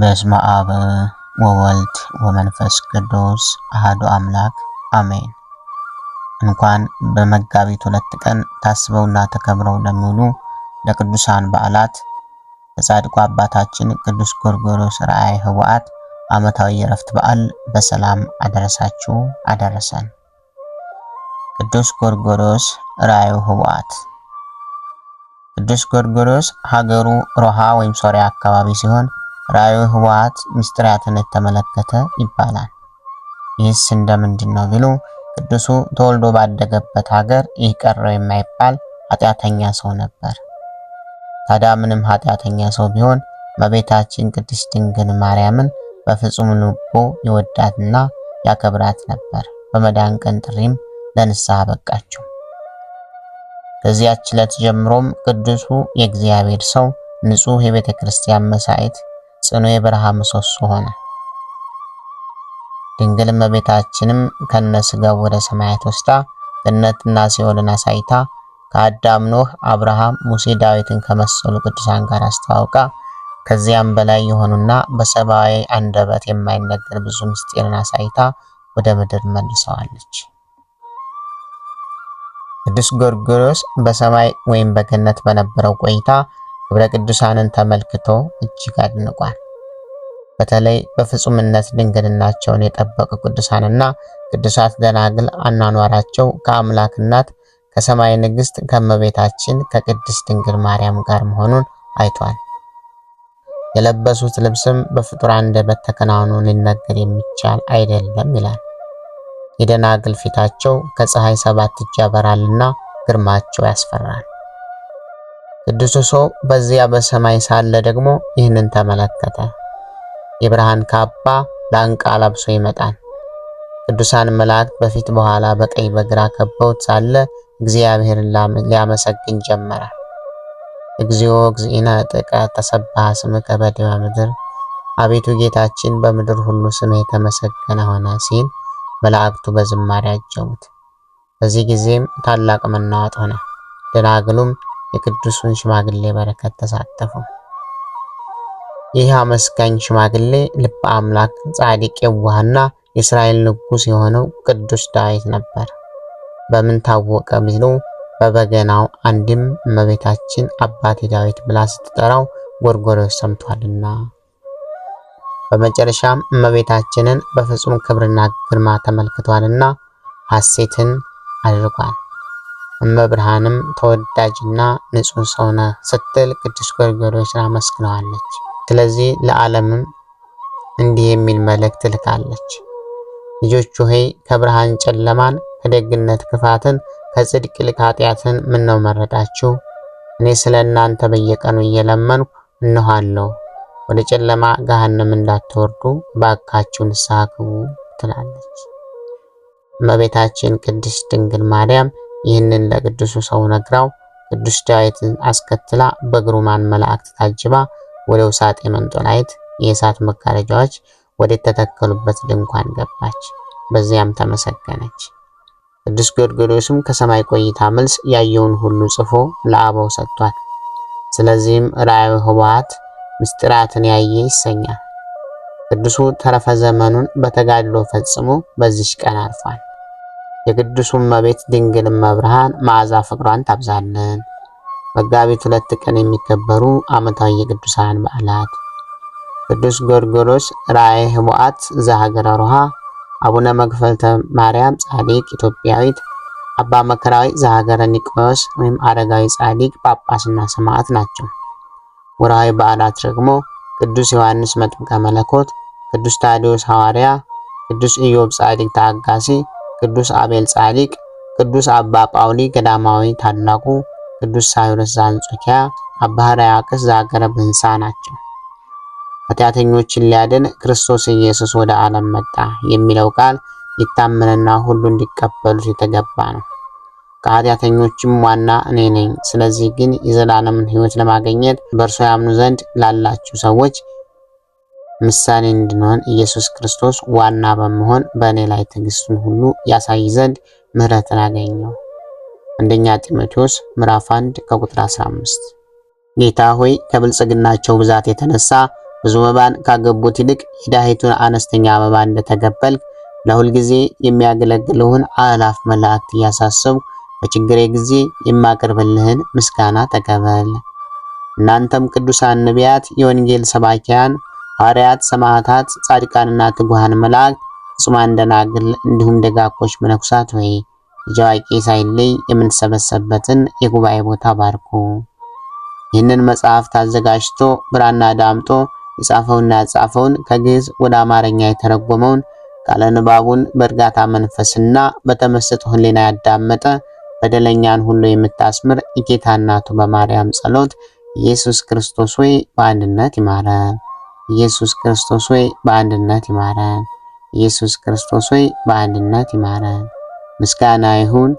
በስመ አብ ወወልድ ወመንፈስ ቅዱስ አህዱ አምላክ አሜን። እንኳን በመጋቢት ሁለት ቀን ታስበውና ተከብረው ለሚውሉ ለቅዱሳን በዓላት ለጻድቁ አባታችን ቅዱስ ጎርጎርዮስ ረአየ ኅቡዓት ዓመታዊ የእረፍት በዓል በሰላም አደረሳችሁ አደረሰን። ቅዱስ ጎርጎርዮስ ረአየ ኅቡዓት ቅዱስ ጎርጎርዮስ ሀገሩ ሮሃ ወይም ሶሪያ አካባቢ ሲሆን ራዩ ህወሓት ምስጢራትን የተመለከተ ይባላል። ይህስ እንደምንድን ነው ቢሉ ቅዱሱ ተወልዶ ባደገበት ሀገር ይህ ቀረው የማይባል ኃጢአተኛ ሰው ነበር። ታዲያ ምንም ኃጢአተኛ ሰው ቢሆን በቤታችን ቅድስት ድንግል ማርያምን በፍጹም ልቦ ይወዳትና ያከብራት ነበር። በመዳን ቀን ጥሪም ለንስሐ በቃቸው። ከዚያች ዕለት ጀምሮም ቅዱሱ የእግዚአብሔር ሰው ንጹሕ የቤተ ክርስቲያን መሳይት ጽኑ የበረሃ ምሰሶ ሆነ። ድንግል እመቤታችንም ከነ ሥጋው ወደ ሰማያት ወስዳ ገነትና ሲኦልን አሳይታ ከአዳም፣ ኖህ፣ አብርሃም፣ ሙሴ፣ ዳዊትን ከመሰሉ ቅዱሳን ጋር አስተዋውቃ ከዚያም በላይ የሆኑና በሰብአዊ አንደበት የማይነገር ብዙ ምስጢርን አሳይታ ወደ ምድር መልሰዋለች። ቅዱስ ጎርጎርዮስ በሰማይ ወይም በገነት በነበረው ቆይታ ክብረ ቅዱሳንን ተመልክቶ እጅግ አድንቋል። በተለይ በፍጹምነት ድንግልናቸውን የጠበቁ ቅዱሳንና ቅዱሳት ደናግል አናኗራቸው ከአምላክ እናት ከሰማይ ንግሥት ከእመቤታችን ከቅድስት ድንግል ማርያም ጋር መሆኑን አይቷል። የለበሱት ልብስም በፍጡር አንደበት ተከናውኖ ሊነገር የሚቻል አይደለም ይላል። የደናግል ፊታቸው ከፀሐይ ሰባት እጅ ያበራልና ግርማቸው ያስፈራል። ቅዱሱ ሰው በዚያ በሰማይ ሳለ ደግሞ ይህንን ተመለከተ። የብርሃን ካባ ላንቃ ለብሶ ይመጣል። ቅዱሳን መላእክት በፊት በኋላ በቀኝ በግራ ከበውት ሳለ እግዚአብሔርን ሊያመሰግን ጀመረ። እግዚኦ እግዚእነ ጥቀ ተሰብሐ ስምከ በዲበ ምድር፣ አቤቱ ጌታችን በምድር ሁሉ ስም የተመሰገነ ሆነ ሲል መላእክቱ በዝማሬ አጀቡት። በዚህ ጊዜም ታላቅ መናወጥ ሆነ። ደናግሉም የቅዱሱን ሽማግሌ በረከት ተሳተፉ። ይህ አመስጋኝ ሽማግሌ ልበ አምላክ ጻድቅ፣ የዋህና የእስራኤል ንጉሥ የሆነው ቅዱስ ዳዊት ነበር። በምን ታወቀ ቢሉ በበገናው አንድም እመቤታችን አባቴ ዳዊት ብላ ስትጠራው ጎርጎርዮስ ሰምቷልና። በመጨረሻም እመቤታችንን በፍጹም ክብርና ግርማ ተመልክቷልና ሐሴትን አድርጓል። እመብርሃንም ተወዳጅና ንጹሕ ሰው ነህ ስትል ቅዱስ ጎርጎርዮስን አመስግነዋለች። ስለዚህ ለዓለምም እንዲህ የሚል መልእክት ልካለች። ልጆቹ ሆይ ከብርሃን ጨለማን፣ ከደግነት ክፋትን፣ ከጽድቅ ይልቅ ኃጢአትን ምነው መረዳችሁ? እኔ ስለ እናንተ በየቀኑ እየለመንኩ እንኋለሁ ወደ ጨለማ ገሃነም እንዳትወርዱ ባካችሁ ንስሐ ግቡ ትላለች። እመቤታችን ቅድስት ድንግል ማርያም ይህንን ለቅዱሱ ሰው ነግራው ቅዱስ ዳዊትን አስከትላ በግሩማን መላእክት ታጅባ ወደ ውሳጤ መንጦላይት የእሳት መጋረጃዎች ወደ ተተከሉበት ድንኳን ገባች። በዚያም ተመሰገነች። ቅዱስ ጎድጎዶስም ከሰማይ ቆይታ መልስ ያየውን ሁሉ ጽፎ ለአበው ሰጥቷል። ስለዚህም ራእየ ኅቡዓት ምስጢራትን ያየ ይሰኛል። ቅዱሱ ተረፈ ዘመኑን በተጋድሎ ፈጽሞ በዚች ቀን አርፏል። የቅዱሱ እመቤት ድንግል እመብርሃን መዓዛ ፍቅሯን ታብዛለን። መጋቢት ሁለት ቀን የሚከበሩ ዓመታዊ የቅዱሳን በዓላት ቅዱስ ጎርጎሮስ ራእየ ህቡአት ዘሀገረ ሮሃ፣ አቡነ መክፈልተ ማርያም ጻዲቅ ኢትዮጵያዊት፣ አባ መከራዊ ዘሀገረ ኒቆስ ወይም አረጋዊ ጻዲቅ ጳጳስና ሰማዕት ናቸው። ወርሃዊ በዓላት ደግሞ ቅዱስ ዮሐንስ መጥምቀ መለኮት፣ ቅዱስ ታዲዮስ ሐዋርያ፣ ቅዱስ ኢዮብ ጻዲቅ ታጋሲ ቅዱስ አቤል ጻዲቅ፣ ቅዱስ አባ ጳውሊ ገዳማዊ ታላቁ፣ ቅዱስ ሳዊሮስ ዘአንጾኪያ፣ አባ ሕርያቆስ ዘአገረ ብንሳ ናቸው። ኃጢአተኞችን ሊያድን ክርስቶስ ኢየሱስ ወደ ዓለም መጣ የሚለው ቃል ሊታመንና ሁሉ እንዲቀበሉት የተገባ ነው። ከኃጢአተኞችም ዋና እኔ ነኝ። ስለዚህ ግን የዘላለምን ሕይወት ለማገኘት በእርሱ ያምኑ ዘንድ ላላችሁ ሰዎች ምሳሌ እንድንሆን ኢየሱስ ክርስቶስ ዋና በመሆን በእኔ ላይ ትዕግስቱን ሁሉ ያሳይ ዘንድ ምሕረትን አገኘው። አንደኛ ጢሞቴዎስ ምዕራፍ 1 ከቁጥር 15። ጌታ ሆይ ከብልጽግናቸው ብዛት የተነሳ ብዙ መባን ካገቡት ይልቅ የዳሂቱን አነስተኛ መባ ለሁል ለሁልጊዜ የሚያገለግልህን አእላፍ መላእክት እያሳሰብኩ በችግሬ ጊዜ የማቀርብልህን ምስጋና ተቀበል። እናንተም ቅዱሳን ነቢያት፣ የወንጌል ሰባኪያን ሐዋርያት፣ ሰማዕታት፣ ጻድቃንና ትጉሃን መላእክት፣ ጹማን ደናግል፣ እንዲሁም ደጋኮች መነኩሳት ወይ ልጅ አዋቂ ሳይለይ የምንሰበሰብበትን የጉባኤ ቦታ ባርኩ። ይህንን መጽሐፍት አዘጋጅቶ ብራና ዳምጦ የጻፈውና ያጻፈውን ከግዕዝ ወደ አማርኛ የተረጎመውን ቃለ ንባቡን በእርጋታ መንፈስና በተመስጦ ሕሊና ያዳመጠ በደለኛን ሁሉ የምታስምር የጌታ እናቱ በማርያም ጸሎት ኢየሱስ ክርስቶስ ሆይ በአንድነት ይማረ ኢየሱስ ክርስቶስ ሆይ በአንድነት ይማረን። ኢየሱስ ክርስቶስ ሆይ በአንድነት ይማረን። ምስጋና ይሁን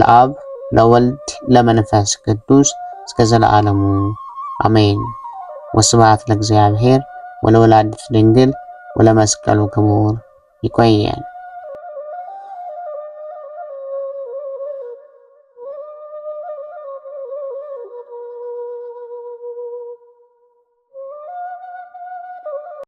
ለአብ ለወልድ ለመንፈስ ቅዱስ እስከ ዘለዓለሙ አሜን። ወስብሐት ለእግዚአብሔር ወለወላዲቱ ድንግል ወለመስቀሉ ክቡር። ይቆየን።